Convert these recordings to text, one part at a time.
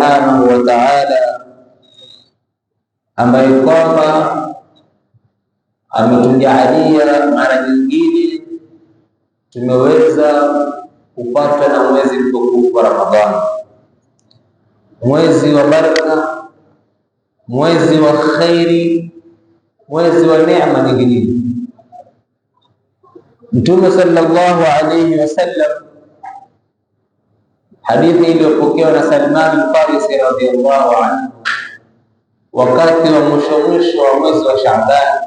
subhanahu wa ta'ala, ambaye kwamba ametujalia mara nyingine tumeweza kupata na mwezi mtukufu wa Ramadhani, mwezi wa baraka, mwezi wa khairi, mwezi wa neema nyingine. Mtume sallallahu alayhi wasallam Hadithi iliyopokewa na Salman Farisi radhiallahu anhu, wakati wa mwisho mwisho wa mwezi wa Shaabani,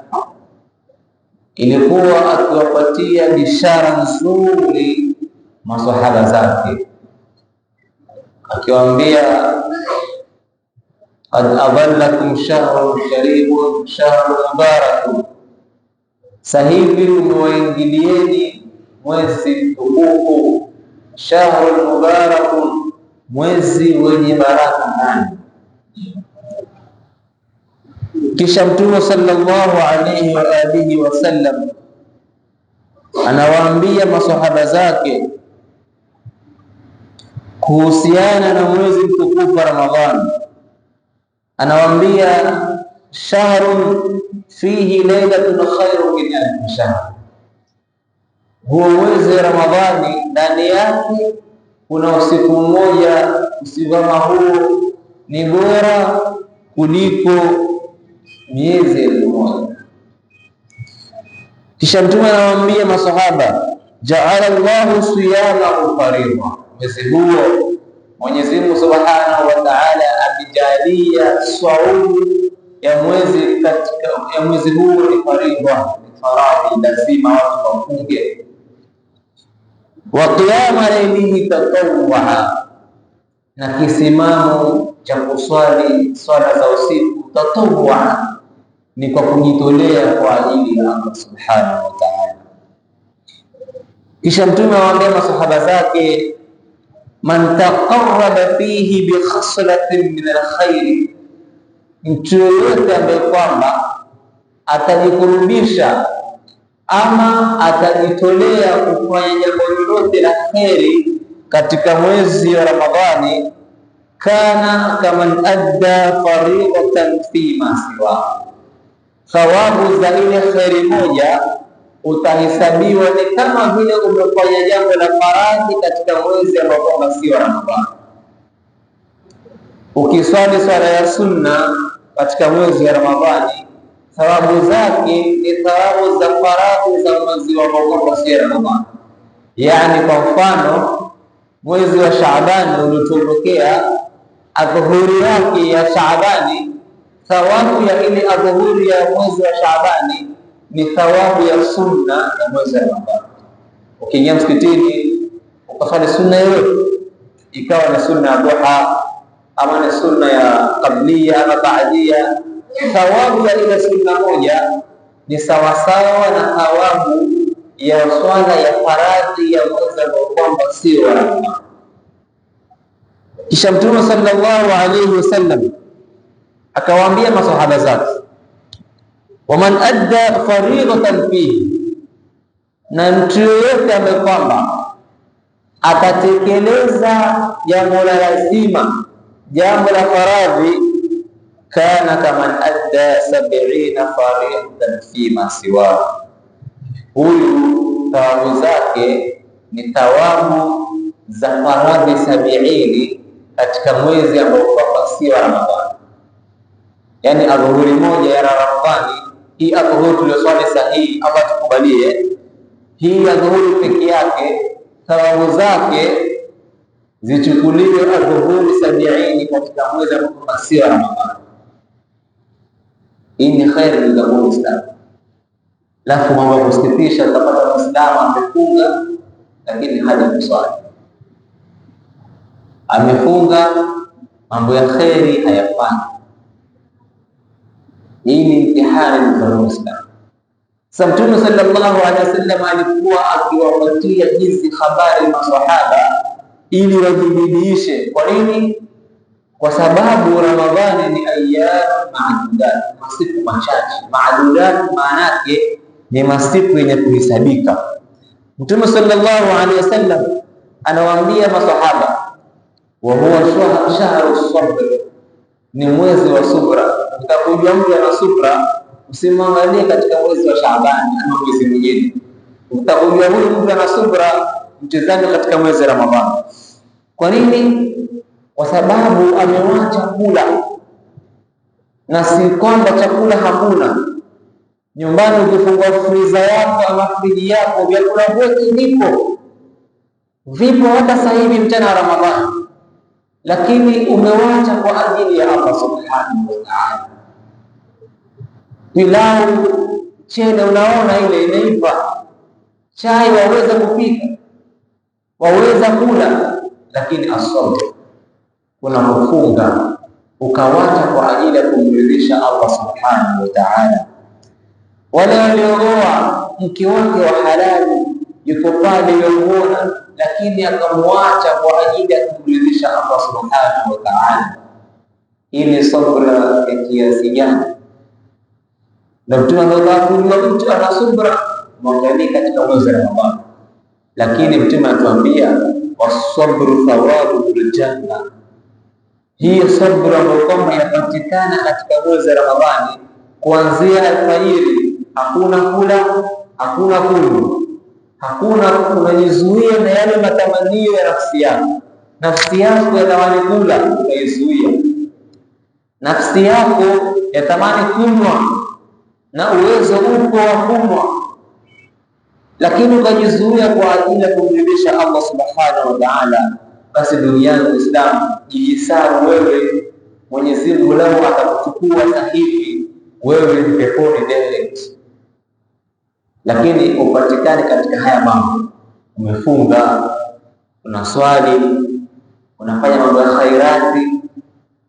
ilikuwa akiwapatia bishara nzuri maswahaba zake, akiwaambia qad adhallakum shahrun karimun shahrun mubarakun, sahivi umewaingilieni mwezi mtukufu shahrul mubarakun, mwezi wenye baraka ndani. Kisha Mtume sallallahu alayhi wa alihi wasallam anawaambia masahaba zake kuhusiana na mwezi mtukufu wa Ramadhani, anawaambia shahrun fihi lailatun khairu min alfi shahr huo mwezi Ramadhani ndani yake kuna usiku mmoja, usivama huo ni bora kuliko miezi elfu moja. Kisha Mtume anawaambia masahaba, jaala llahu siyamahu faridha, mwezi huo Mwenyezi Mungu subhanahu wa taala amejalia saumu ya mwezi katika ya mwezi huo ni faridha, ni faradhi, lazima watu wafunge wa qiyama laylihi tatawwa, na kisimamo cha kuswali swala za usiku tatawwa ni kwa kujitolea kwa ajili ya Allah subhanahu wa ta'ala. Kisha Mtume awaambia masahaba zake, man taqarraba fihi bi khaslatin min alkhair, mtu yoyote ambaye kwamba atajikurubisha ama atajitolea kufanya jambo lolote la kheri katika mwezi wa Ramadhani, kana kaman adda faridatan ma siwa, thawabu za ile kheri moja utahesabiwa ni kama vile umefanya jambo la faradhi katika mwezi ambao kwamba wa Ramadhani. Ukiswali swala ya sunna katika mwezi wa Ramadhani thawabu zake ni thawabu za faradhi za mwezi wa mogogosi Ramadhani. Yani, kwa mfano mwezi wa Shaabani ulitondokea adhuhuri yake ya Shaabani, thawabu ya ile adhuhuri ya mwezi wa Shaabani ni thawabu ya sunna ya mwezi wa Ramadhani. Ukiingia msikitini ukafanya sunna hiyo, ikawa ni sunna ya duha ama ni sunna ya qabliya ama baadia thawabu ile sunna moja ni sawasawa na thawabu ya swala ya faradhi ya mwenza kwa kwamba sio waraa. Kisha Mtume sallallahu alayhi wasallam akawaambia masahaba zake, waman adda faridatan fihi, na mtu yoyote ambaye kwamba atatekeleza jambo la lazima, jambo la faradhi kana kaman adda sabiina faridan fi masiwa, huyu thawabu zake ni thawabu za faradhi sabiini katika mwezi ambao kwamba sio Ramadhani, yani adhuhuri moja ya Ramadhani. Hii adhuhuri tulioswali sahihi, ama tukubalie, hii adhuhuri peke yake thawabu zake zichukuliwe adhuhuri sabiini katika mwezi ambao kwamba sio Ramadhani. Hii ni kheri itakuwa Muislamu. Alafu mambo ya kusikitisha, utapata Muislamu amefunga lakini kuswali, amefunga mambo ya kheri hayafanyi. Hii ni mtihani kwa Muislamu. Sasa Mtume sallallahu alaihi wasallam alikuwa akiwapatia hizi habari maswahaba ili wajibidiishe. Kwa nini? kwa sababu Ramadhani ni ayyamu ma'dudat, masiku machache. Ma'dudat maana yake ni masiku yenye kuhesabika. Mtume sallallahu alaihi wasallam anawaambia masahaba, wa huwa shahru sabr, ni mwezi wa subra. Utakujua mtu ana subra, usimwangalie katika mwezi wa Shaaban ama mwezi mwingine. Utakujua huyu mtu ana subra, mtizame katika mwezi wa Ramadhani. Kwa nini? kwa sababu amewacha kula, na si kwamba chakula hakuna. Nyumbani ukifungua friza yako ama friji yako, vyakula vyote vipo, vipo hata sasa hivi mchana wa Ramadhani, lakini umewacha kwa ajili ya Allah subhanahu wa ta'ala. Pilau, chele, unaona ile inaiva, chai waweza kupika, waweza kula, lakini asome unapofunga ukawacha kwa ajili ya kumridhisha Allah subhanahu wa ta'ala. Wale waliogoa mke wake wa halali yuko pale yomona, lakini akamwacha kwa ajili ya kumridhisha Allah subhanahu wa ta'ala. Hii ni sabra ya kiasi gani? Na Mtume aakuliwa mtu ana subra, mwangalie katika mwezi wa Ramadhani, lakini Mtume anatuambia wasabru thawabu ljanna hiyo sabra ambayo kwamba inapatikana katika mwezi wa Ramadhani kuanzia alfajiri, hakuna kula, hakuna kunywa, hakuna unajizuia na yale matamanio ya nafsi yako. Nafsi yako yatamani kula, utaizuia. Nafsi yako yatamani kunywa, na uwezo uko wa kunywa, lakini ukajizuia kwa ajili ya kumridhisha Allah subhanahu wa ta'ala basi ndugu yangu Muislamu, wewe. Mwenyezi Mungu lao atakuchukua hivi wewe ni peponi direct, lakini upatikane katika haya mambo. Umefunga, unaswali, unafanya mambo ya khairati,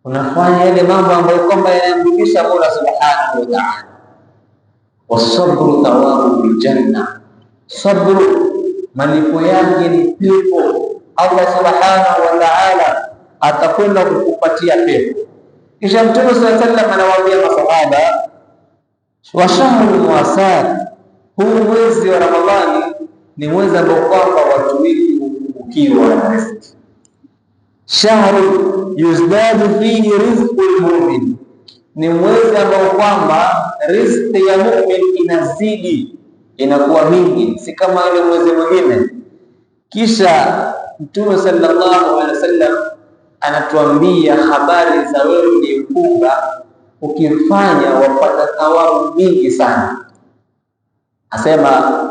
unafanya yale mambo ambayo kwamba yanamrudisha Mola Subhanahu wa Ta'ala. Wasabru thawabu biljanna, sabru malipo yake ni pepo Allah subhanahu wa ta'ala atakwenda kukupatia pepo. Kisha Mtume sallallahu alaihi wasallam anawaambia masahaba, wa shahru muasar, huu mwezi wa Ramadhani ni mwezi ambao kwamba watu wengi hupungukiwa na riziki. Shahru yuzdadu fihi rizqul lmumin, ni mwezi ambao kwamba riziki ya mumin inazidi, inakuwa mingi, si kama ile mwezi mwingine. Kisha Mtume sallallahu alaihi wasallam anatuambia habari za wewe uliyekufa, ukifanya wapata thawabu mingi sana. Asema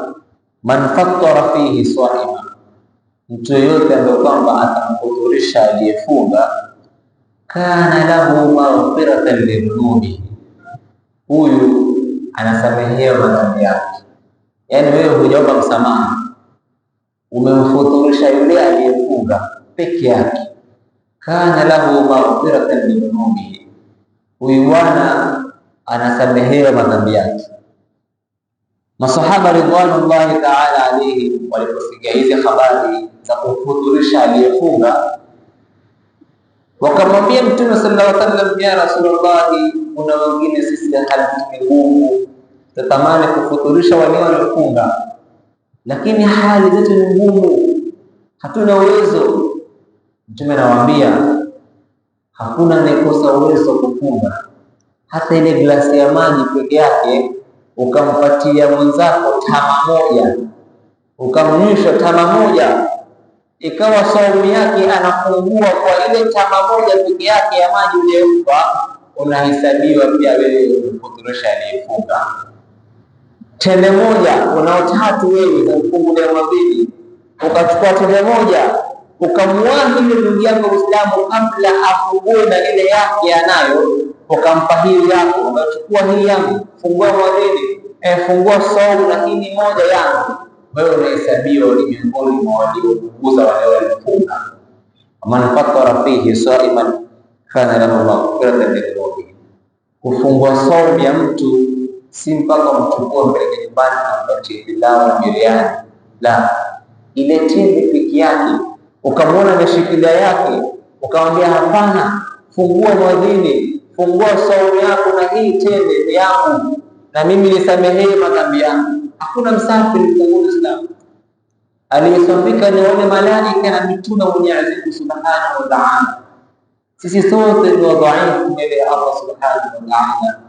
man fattara fihi swaima mtu yeyote ambaye kwamba atamfuturisha aliyefunga, kana lahu maghfiratan lidhunubi, huyu anasamehewa madhambi yake. Yaani wewe hujaomba msamaha umemfuturisha yule aliyefunga peke yake. kana lahu maghfiratan min dhunubihi, huyu bwana anasamehewa madhambi yake. Masahaba ridwanullahi taala alaihim waliposikia hizi habari za kumfuturisha aliyefunga wakamwambia Mtume sallallahu alaihi wasallam, ya Rasulullahi, kuna wengine sisi hali ngumu, tatamani kufuturisha walio waliofunga lakini hali zetu ni ngumu, hatuna uwezo. Mtume anawaambia hakuna anayekosa uwezo wa kufunga hata ile glasi ya maji peke yake, ukampatia mwenzako tama moja, ukamnywisha tama moja, ikawa saumu yake anafungua kwa ile tama moja peke yake ya maji uliyompa, unahesabiwa pia wewe kumfuturisha aliyefunga tende moja unaotatu wewe na mfungu mia mbili ukachukua tende moja ukamwahi ile ndugu yako Muislamu kabla afungue na ile yake anayo, ukampa hii yako, ukachukua hii yangu, fungua mwadhini eh, fungua saumu, lakini moja yangu wewe unahesabiwa ni miongoni mwa waliopunguza wale walifunga. Waman fatara fihi saiman kana lahu Allah kufungua saumu ya mtu si mpaka mtukua mpeleke nyumbani na pilau biriani, la ile tende peke yake, ukamwona ameshikilia yake, ukamwambia hapana, fungua mwadhini, fungua saumu yako na hii tende yangu, na mimi nisamehee madhambi yangu. Hakuna msafiri mkuu Islamu aliyesambika ni wale malaika na mituna wa Mwenyezi Mungu Subhanahu wa Ta'ala. Sisi sote ni wadhaifu mbele ya Allah Subhanahu wa Ta'ala.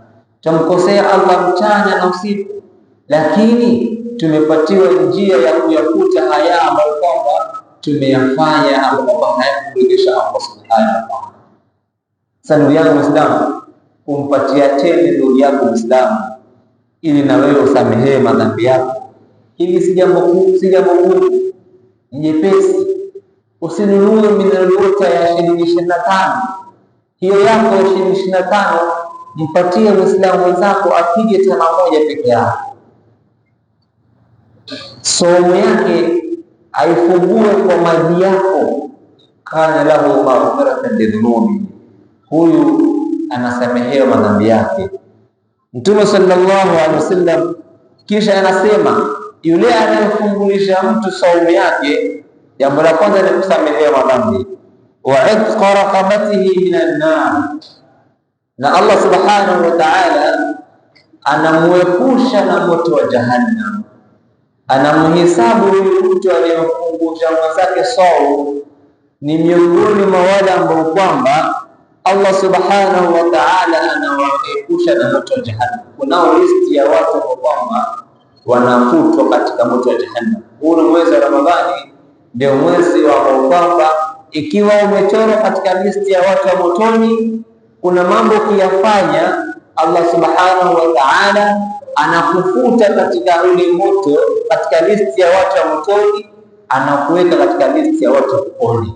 Tumkosea Allah mchana na usiku, lakini tumepatiwa njia ya kuyakuta haya ambayo kwamba tumeyafanya ambayo kwamba hayakumrejesha Allah subhanahu wa ta'ala. Sasa ndugu yangu Muislamu, kumpatia tende ndugu yako Muislamu ili na wewe usamehee madhambi yako, hili si jambo kuu, si jambo kuu, ni jepesi. Usinunue mineralita ya shilingi ishirini na tano, hiyo yako ya shilingi ishirini na tano mpatie Muislamu mwenzako apige tana moja peke yake, somo yake aifungue kwa maji yako. kana lahu maghfiratan lidhunubi, huyu anasamehewa madhambi yake. Mtume sallallahu alaihi wasallam kisha anasema yule anayefungulisha mtu saumu yake, jambo la kwanza ni kusamehewa madhambi, wa itqa raqabatihi minan nar na Allah subhanahu wa ta'ala anamwepusha na moto wa jahannam, anamhesabu huyu mtu aliyempunguza mwenzake sawu ni miongoni mwa wale ambao kwamba Allah subhanahu wa ta'ala anawaepusha na moto wa jahannam. Kunao listi ya watu ambao kwamba wanafutwa katika moto wa jahannam. Huu ni mwezi wa Ramadhani, ndio mwezi ambao kwamba ikiwa umechorwa katika listi ya watu wa motoni kuna mambo kuyafanya Allah subhanahu wa ta'ala anakufuta katika ule moto, katika listi ya watu wa motoni, anakuweka katika listi ya watu wa peponi.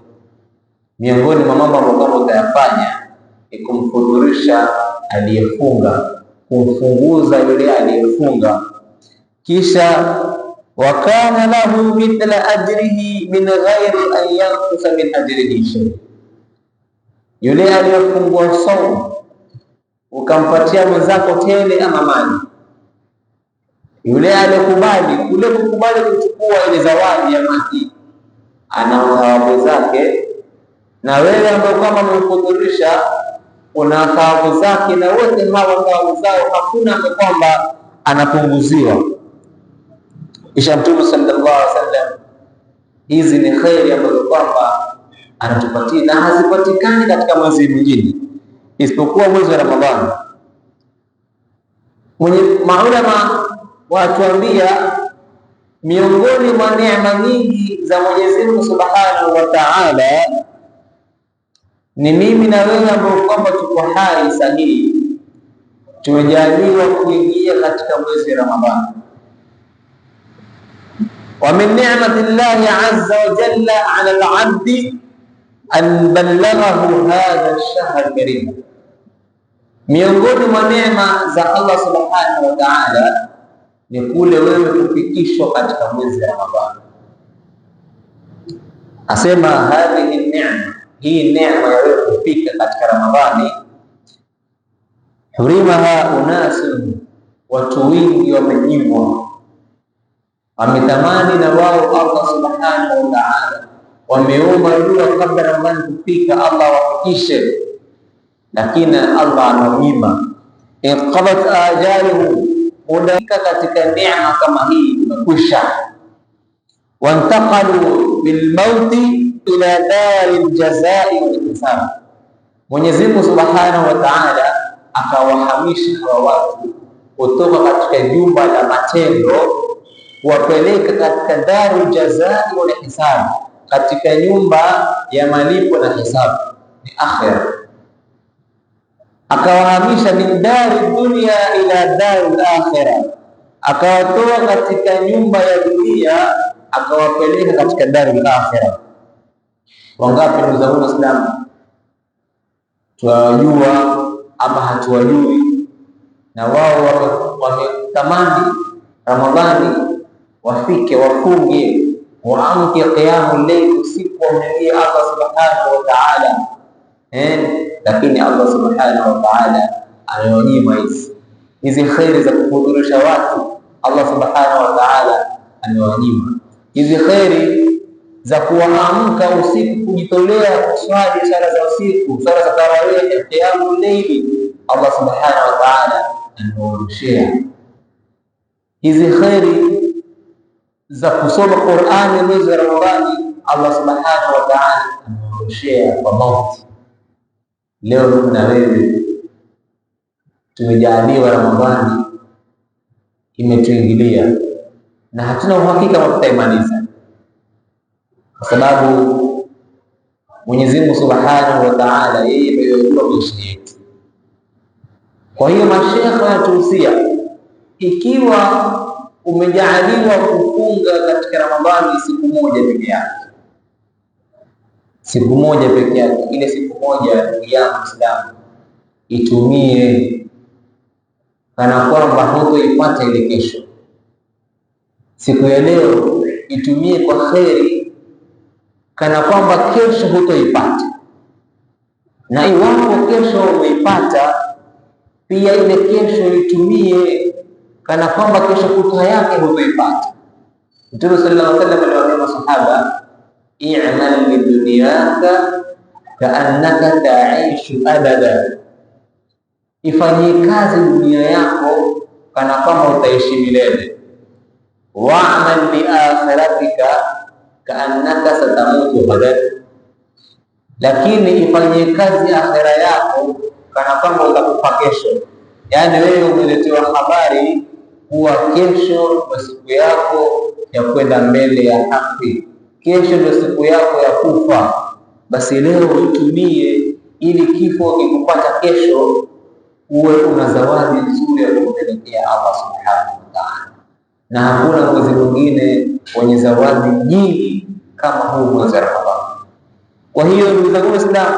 Miongoni mwa mambo ambayo utayafanya ni kumfudhurisha aliyefunga, kumfunguza yule aliyefunga, kisha wakana lahu mithla ajrihi min ghairi an yanqusa min ajrihi shay yule aliyefungua saumu ukampatia mwenzako tele ama mali, yule aliyekubali kule kukubali kuchukua ile zawadi ya maji, ana thawabu zake, na wewe ambao kama umehudhurisha una thawabu zake, na wote hawa thawabu zao hakuna ambaye kwamba anapunguziwa. Kisha Mtume sallallahu alaihi wasallam, hizi ni kheri ambazo kwamba anatupatia na hazipatikani katika mwezi mwingine isipokuwa mwezi wa Ramadhani. Mwenye maulama watuambia miongoni mwa neema nyingi za Mwenyezi Mungu Subhanahu wa Ta'ala ni mimi na wewe ambao kwamba tuko hai sahihi, tumejaliwa kuingia katika mwezi wa Ramadhani. wa min ni'mati llahi azza wa jalla ala al-'abdi an hadha ash-shahr al-karim. Miongoni mwa neema za Allah subhanahu wa ta'ala ni kule wewe kufikishwa katika mwezi wa Ramadhani. Asema hadhihi neema, hii neema ya wewe kufika katika Ramadhani, hurimaha unasun, watu wengi wamenyimwa, wametamani na wao Allah wameomba dua kabla Ramadhani kufika, Allah wafikishe, lakini Allah anaonyima. Inqadat ajaluhu, mudaika katika neema kama hii imekwisha. Wantaqalu bilmauti ila dari ljazai walhisabi, Mwenyezi Mungu subhanahu wa taala akawahamisha hawa watu kutoka katika jumba la matendo kuwapeleka katika daru jazai walhisabi katika nyumba ya malipo na hisabu ni akhira. Akawahamisha min dari dunya ila dari akhira, akawatoa katika nyumba ya dunia akawapeleka katika dari akhira. Wangapi ndugu zangu Waislamu, tuwajua ama hatuwajui, na wao wametamani Ramadhani wafike wafunge وأنت قيام الليل usiku wamlilie Allah subhanahu wa ta'ala eh, lakini Allah subhanahu wa ta'ala anayonyima hizi hizi kheri za kuhudhurisha watu. Allah subhanahu wa ta'ala anayonyima hizi kheri za kuamka usiku, kujitolea kuswali sala za usiku, sala za tarawih, qiyamu layli. Allah subhanahu wa ta'ala anayorushia hizi kheri za kusoma Qur'ani mwezi wa Ramadhani, Allah subhanahu wa ta'ala anaondoshea kwa mauti. Leo mimi na wewe tumejaaliwa Ramadhani imetuingilia na hatuna uhakika wa tutaimaliza, kwa sababu Mwenyezi Mungu subhanahu wa ta'ala yeye ameyajua maisha yetu. Kwa hiyo mashekhe wanatuhusia ikiwa umejaaliwa kufunga katika Ramadhani siku moja peke yake, siku moja peke yake. Ile siku moja, ya yangu Muislamu, itumie kana kwamba hutoipata ile kesho. Siku ya leo itumie kwa kheri, kana kwamba kesho hutoipata, na iwapo kesho umeipata pia ile kesho itumie kana kwamba kesho kutwa yake hutoipata. Mtume sallallahu alaihi wasallam aliwaambia masahaba, i'mal bidunyaka kaannaka taishu abada, ifanyie kazi dunia yako kana kwamba utaishi milele. Wa'mal biakhiratika kaannaka satamutu ghadan, lakini ifanyie kazi akhira yako kana kwamba utakufa kesho. Yaani wewe umeletewa habari kuwa kesho ndio siku yako ya kwenda mbele ya haki, kesho ndio siku yako ya kufa. Basi leo itumie ili kifo kikupata kesho uwe una zawadi nzuri ya kumpelekea Allah subhanahu wa ta'ala, na hakuna mwezi mwingine wenye zawadi nyingi kama huu mwezi wa Ramadhani. Kwa hiyo ndugu zangu Waislamu,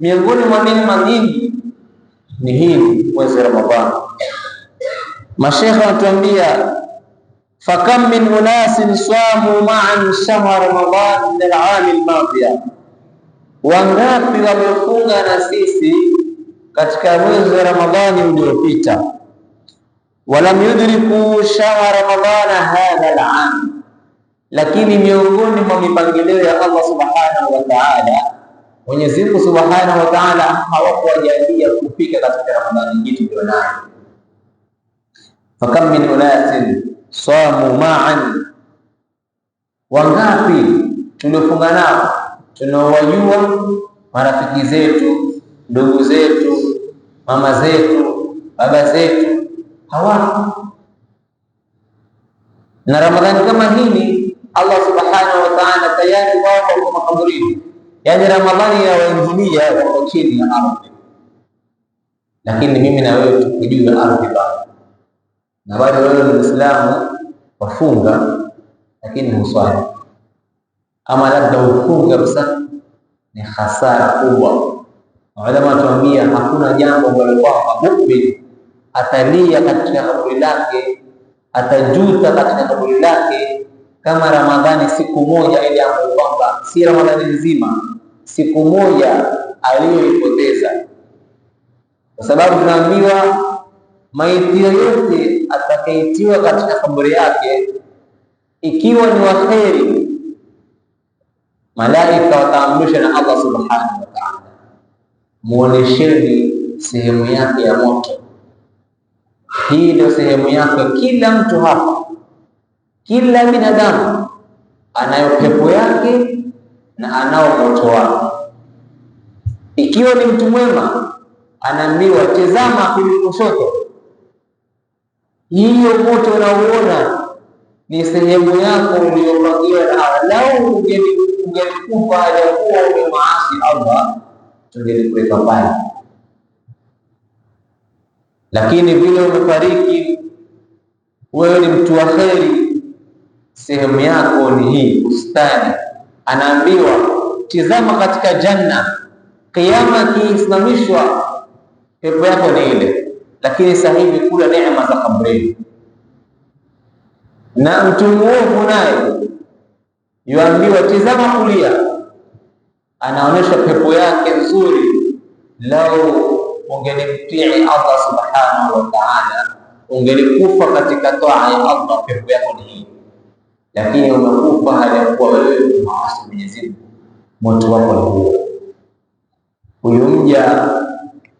miongoni mwa neema nyingi ni hii mwezi wa Ramadhani. Mashekhe anatuambia fakam min unasin swamu ma'an shahra Ramadan min al-aam al-madiya, wangapi wamefunga na sisi katika mwezi wa Ramadhani uliopita, walam yudriku shahra Ramadana hadha al-aam, lakini miongoni mwa mipangilio ya Allah subhanahu wa ta'ala, Mwenyezi Mungu subhanahu wa ta'ala hawakuwajalia kufika katika Ramadhani hii tulionayo Fakam min ulatin samu ma'an, wangapi tuliofunga nao tunaowajua marafiki zetu, ndugu zetu, mama zetu, baba zetu hawapo. Na Ramadhani kama hili Allah subhanahu wa ta'ala tayari wao wako makaburini, yaani Ramadhani yawaingilia wako chini ya ardhi, lakini mimi na wewe ya ardhi bado na wale wale ni wafunga, lakini huswali. Ama labda hufunga kabisa, ni hasara kubwa. Maulama tuambia hakuna jambo ambalo kwamba muumini atalia katika kaburi lake, atajuta katika kaburi lake kama Ramadhani siku moja ile ambayo kwamba si Ramadhani nzima, siku moja aliyoipoteza, kwa sababu tunaambiwa maiti yoyote atakayetiwa katika kaburi yake ikiwa ni waheri, malaika wataamrishwa na Allah subhanahu wa ta'ala, muonesheni sehemu yake ya moto. Hii ndio sehemu yake. Kila mtu hapa, kila binadamu anayo pepo yake na anao moto wake. Ikiwa ni mtu mwema, anaambiwa tazama kwenye hiyo moto unauona ni sehemu yako uliyopangiwa na Allah. Ungelikufa hajakuwa umemaasi Allah, tungelikuweka pale, lakini vile umefariki wewe ni mtu wa kheri, sehemu yako ni hii bustani. Anaambiwa tizama katika janna, kiyama kiisimamishwa, pepo yako ni ile lakini sasa hivi kula neema za kabrini. Na mtu mwovu naye yuambiwa tizama kulia, anaonyesha pepo yake nzuri. Lau ungelimtii Allah subhanahu wa ta'ala, ungelikufa katika toa ya Allah, pepo yako ni hii, lakini umekufa hali ya kuwa wewe maasi Mwenyezi Mungu, moto wako ni huo. Huyu mja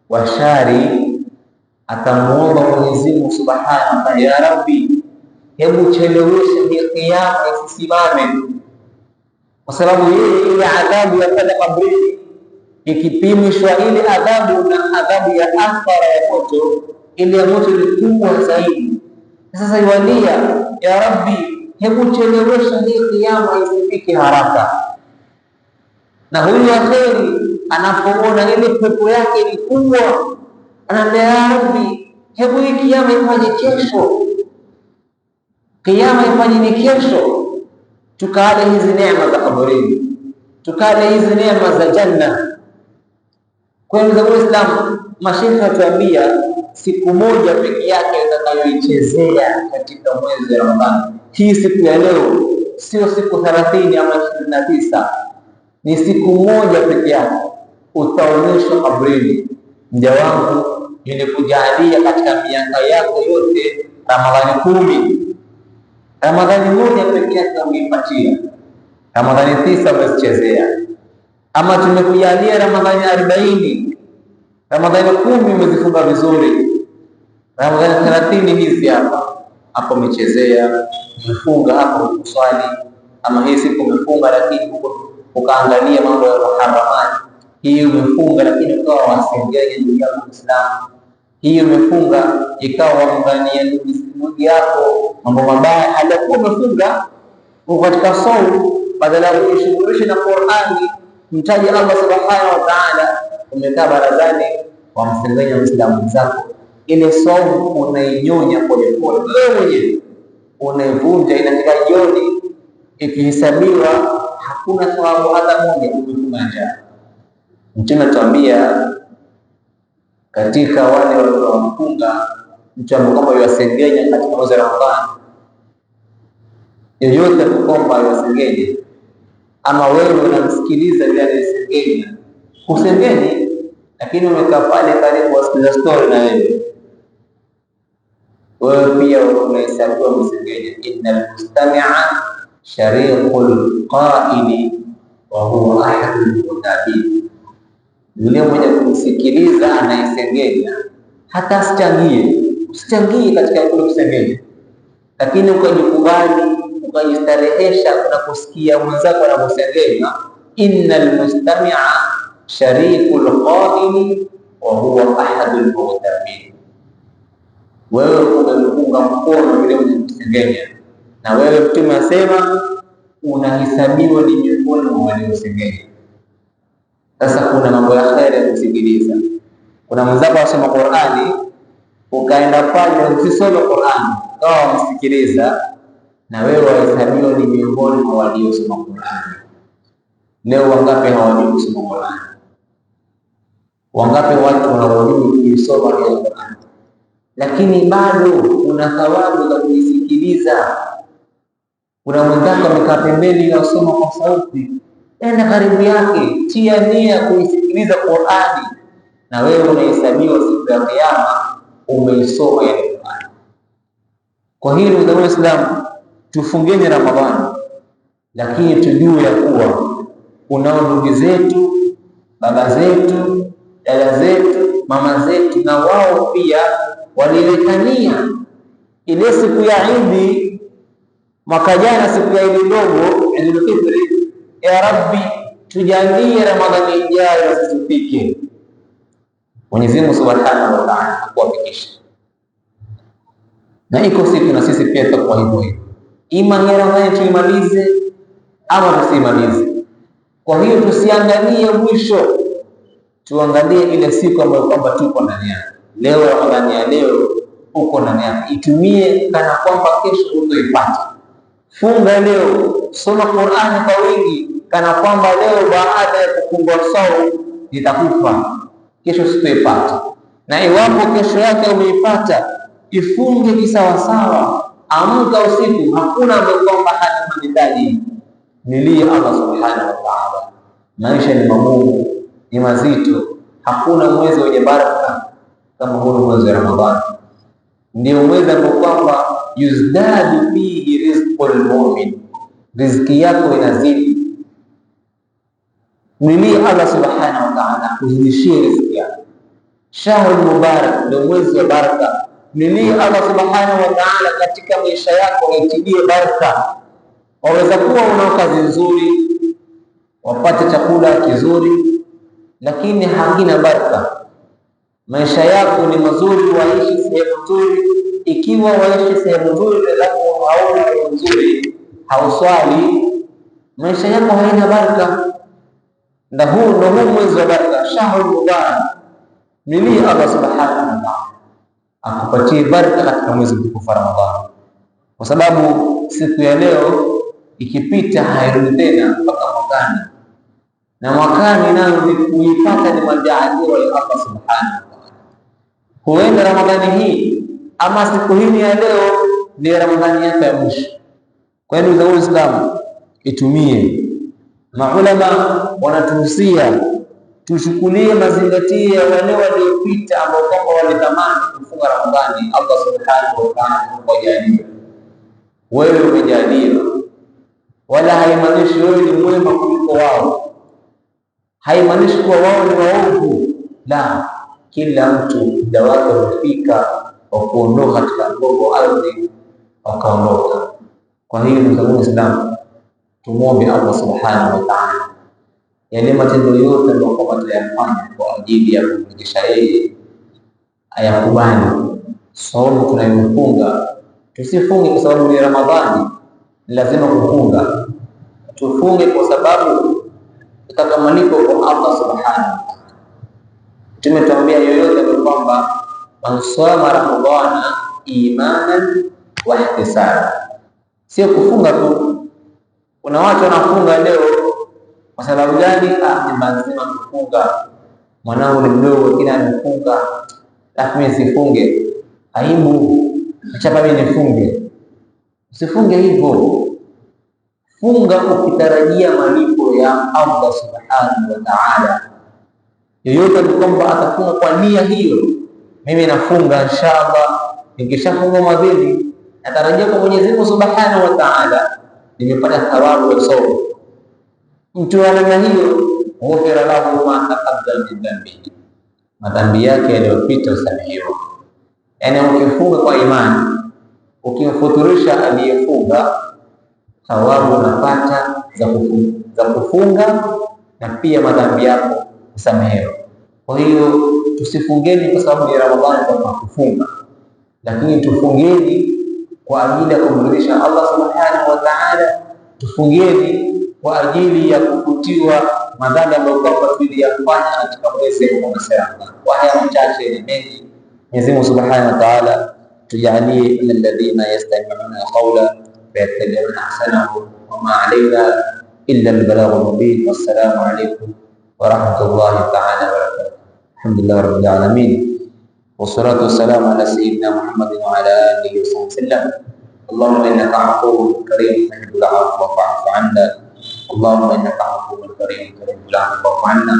wa shari Atamuomba Mwenyezi Mungu subhanahu wa ta'ala, ya Rabbi, hebu chelewesha hii kiyama isisimame, kwa sababu yeye ile adhabu ya kwenda kabrini ikipimishwa ile adhabu na adhabu ya athara ya moto, ile ya moto ni kubwa zaidi. Sasa iwalia, ya Rabbi, hebu chelewesha hii kiyama isifike haraka. Na huyu akheri anapoona ile pepo yake ni kubwa anaambia ya Rabbi, hebu hii kiama ifanye kesho, kiama ifanye ni kesho, tukale hizi neema za kaburini, tukale hizi neema za janna. Kwa Uislamu, masheikh atuambia siku moja peke yake itakayoichezea katika mwezi wa Ramadhani, hii siku ya leo sio siku thelathini ama ishirini na tisa ni siku moja peke yake utaonyeshwa kabrini, mja wangu nilikujalia katika miaka yako yote Ramadhani kumi, Ramadhani moja pekee yake umeipatia. Ramadhani tisa umezichezea, ama tumekujalia Ramadhani arobaini, Ramadhani kumi umezifunga vizuri, Ramadhani thelathini hizi hapa hapo umechezea, umefunga hapo kuswali, ama hii siku umefunga lakini ukaangalia mambo ya muharamati, hii umefunga lakini ukawa wasengeje ndugu yako Muislamu hii umefunga ikawa mgania ndugu yako mambo mabaya, halafu umefunga katika saumu, badala ya kujishughulisha na Qur'ani, mtaji Allah subhanahu wa ta'ala, umekaa barazani wamsengenya Muislamu zako, ile saumu unainyonya polepole, wewe mwenyewe unaivunja. Inafika jioni ikihesabiwa, hakuna thawabu hata moja. Umefunga njaa. Mtume katika wale waliowamfunga mtu kwamba iwasengenye katika mwezi wa Ramadhani, yoyote kukomba iwasengenye, ama wewe unamsikiliza yule anayesengenya, usengeni, lakini umekaa pale karibu wasikiliza stori na wewe wewe pia unahesabiwa msengenya. Innal mustamia shariqul qaili wa huwa ahadul mutadili yule mwenye kumsikiliza anayesengenya hata asichangie, usichangie katika kule kusengenya, lakini ukajikubali ukajistarehesha unaposikia mwenzako anaposengenya, innal mustamia shariku lqaili wa huwa ahadu lmughtamin. Wewe umempunga mkono yule mwenye kusengenya, na wewe Mtume asema unahesabiwa ni miongoni mwa waliosengenya. Sasa kuna mambo ya kheri ya kusikiliza. Kuna mwenzako wasoma Qurani, ukaenda pale usisome Qurani, kawa wamsikiliza na wewe wahesabiwa ni miongoni mwa waliosoma Qurani. Leo wangapi hawajui kusoma Qurani? Wangapi watu hawajui kuisoma Qurani? Lakini bado kuna thawabu za kuisikiliza. Kuna mwenzako amekaa pembeni na usoma kwa sauti Enda karibu yake, tia nia kuisikiliza Qurani, na wewe unahesabiwa siku ya Kiyama umeisoma ile Qurani. Kwa hiyo ndugu zangu Waislamu, tufungeni Ramadhani, lakini tujue ya kuwa kunao ndugu zetu, baba zetu, dada zetu, mama zetu, na wao pia waliletania ile siku ya Idi mwaka jana, siku ya Idi ndogo Idul Fitri ya Rabbi, tujalie Ramadhani ijayo zitupike. Mwenyezi Mungu Subhanahu wa Ta'ala akuwafikisha, na iko siku na sisi pia tutakuwa hivyo hivyo, ima ni Ramadhani tuimalize ama tusimalize. Kwa hiyo tusiangalie mwisho, tuangalie ile siku ambayo kwamba tuko ndani yake. Leo Ramadhani ya leo uko ndani yake, itumie kana kwamba kesho utoipata. Funga leo, soma Qur'ani kwa wingi kana kwamba leo baada ya kufungwa saumu nitakufa kesho, sikuipata. Na iwapo kesho yake umeipata, ifunge kisawasawa, amka usiku. Hakuna ambaye kwamba hana mahitaji. Nilie Allah subhanahu wa ta'ala. Maisha ni magumu, ni mazito, hakuna mwezi wenye baraka kama huu mwezi wa Ramadhani. Ndio mwezi ambao kwamba yuzdadu fihi rizqul mu'min, riziki yako inazidi Nilie Allah subhanahu wa ta'ala kuzidishie riziki yako. Shahru mubarak ni mwezi wa baraka. Nilie Allah subhanahu wa ta'ala katika maisha yako aitibie baraka. Waweza kuwa una kazi nzuri, wapate chakula kizuri, lakini hakina baraka. Maisha yako ni mazuri, waishi sehemu nzuri. Ikiwa waishi sehemu nzuri alafu au nzuri, hauswali, maisha yako haina baraka na huu ndo huu mwezi wa baraka, shahru mubarak. Mimi Allah subhanahu wa ta'ala akupatie baraka katika mwezi mtukufu wa Ramadhani, kwa sababu siku ya leo ikipita hairudi tena mpaka mwakani, na mwakani nayo kuipata ni majaliwa ya Allah subhanahu wa ta'ala. Huenda Ramadhani hii ama siku hii ya leo ni Ramadhani yako ya mwisho. Kwa hiyo ndugu Waislamu, itumie Maulama wanatuhusia tuchukulie mazingatio ya wale waliopita ambao kwamba walitamani kufunga Ramadhani. Allah subhanahu wa ta'ala kujalia wewe umejaliwa, wala haimaanishi wewe ni mwema kuliko wao, haimaanishi kuwa wao ni waovu. La, kila mtu muda wake umefika wa kuondoka katika mgongo ardhi, wakaondoka. Kwa hiyo ndugu zangu Tumwombe Allah subhanahu wa ta'ala yale yaani matendo yote aliyokuwa tunayafanya kwa ajili ya kumrejesha yeye ayakubali. Saumu tunayofunga tusifunge kwa sababu ni Ramadhani, lazima kufunga, tufunge kwa sababu tutaka malipo kwa Allah subhanahu Mtume tuambia yoyote ambayo kwamba man sama ramadhana imanan ihtisaba, sio kufunga tu kuna watu wanafunga leo kwa sababu gani? Ah, ni mazima kufunga, mwanangu ni mdogo, lakini amefunga, lakini sifunge, aibu acha mimi nifunge. Usifunge hivyo, funga ukitarajia malipo ya Allah subhanahu wa ta'ala. Yoyote kwamba atafunga kwa nia hiyo, mimi nafunga inshallah, nikishafunga madhili natarajia kwa Mwenyezi Mungu subhanahu wa ta'ala nimepata thawabu ya somo. Mtu wa namna hiyo, ghufira lahu ma taqadda min dhanbihi, madhambi yake yaliyopita usamehewa Yaani ukifunga kwa imani, ukimfuturisha aliyefunga, thawabu unapata za kufunga na pia madhambi yako usamehewa Kwa hiyo tusifungeni kwa sababu ni Ramadhani kwa kufunga, lakini tufungeni kwa ajili ya kumridhisha Allah subhanahu wa ta'ala. Tufungeni kwa ajili ya kukutiwa madhambi ambayo kwamba tuliyafanya katika mwezi huu mwanasema. Kwa haya machache ni mengi, Mwenyezi Mungu subhanahu wa ta'ala tujalie min alladhina yastami'una qawla fayattabi'una ahsanahu wa ma 'alaina illa al-balaghul mubin. Wassalamu alaykum wa rahmatullahi ta'ala wa barakatuh. Alhamdulillah rabbil alamin. والصلاة والسلام على سيدنا محمد وعلى آله وصحبه وسلم اللهم إنك عفو كريم تحب العفو فاعف عنا اللهم إنك عفو كريم تحب العفو فاعف عنا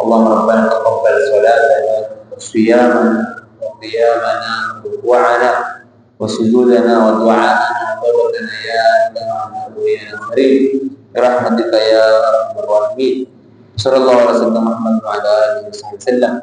اللهم ربنا تقبل صلاتنا وصيامنا وقيامنا وركوعنا وسجودنا ودعاءنا وقدرتنا يا إله يا كريم برحمتك يا أرحم الراحمين صلى الله على سيدنا محمد وعلى آله وصحبه وسلم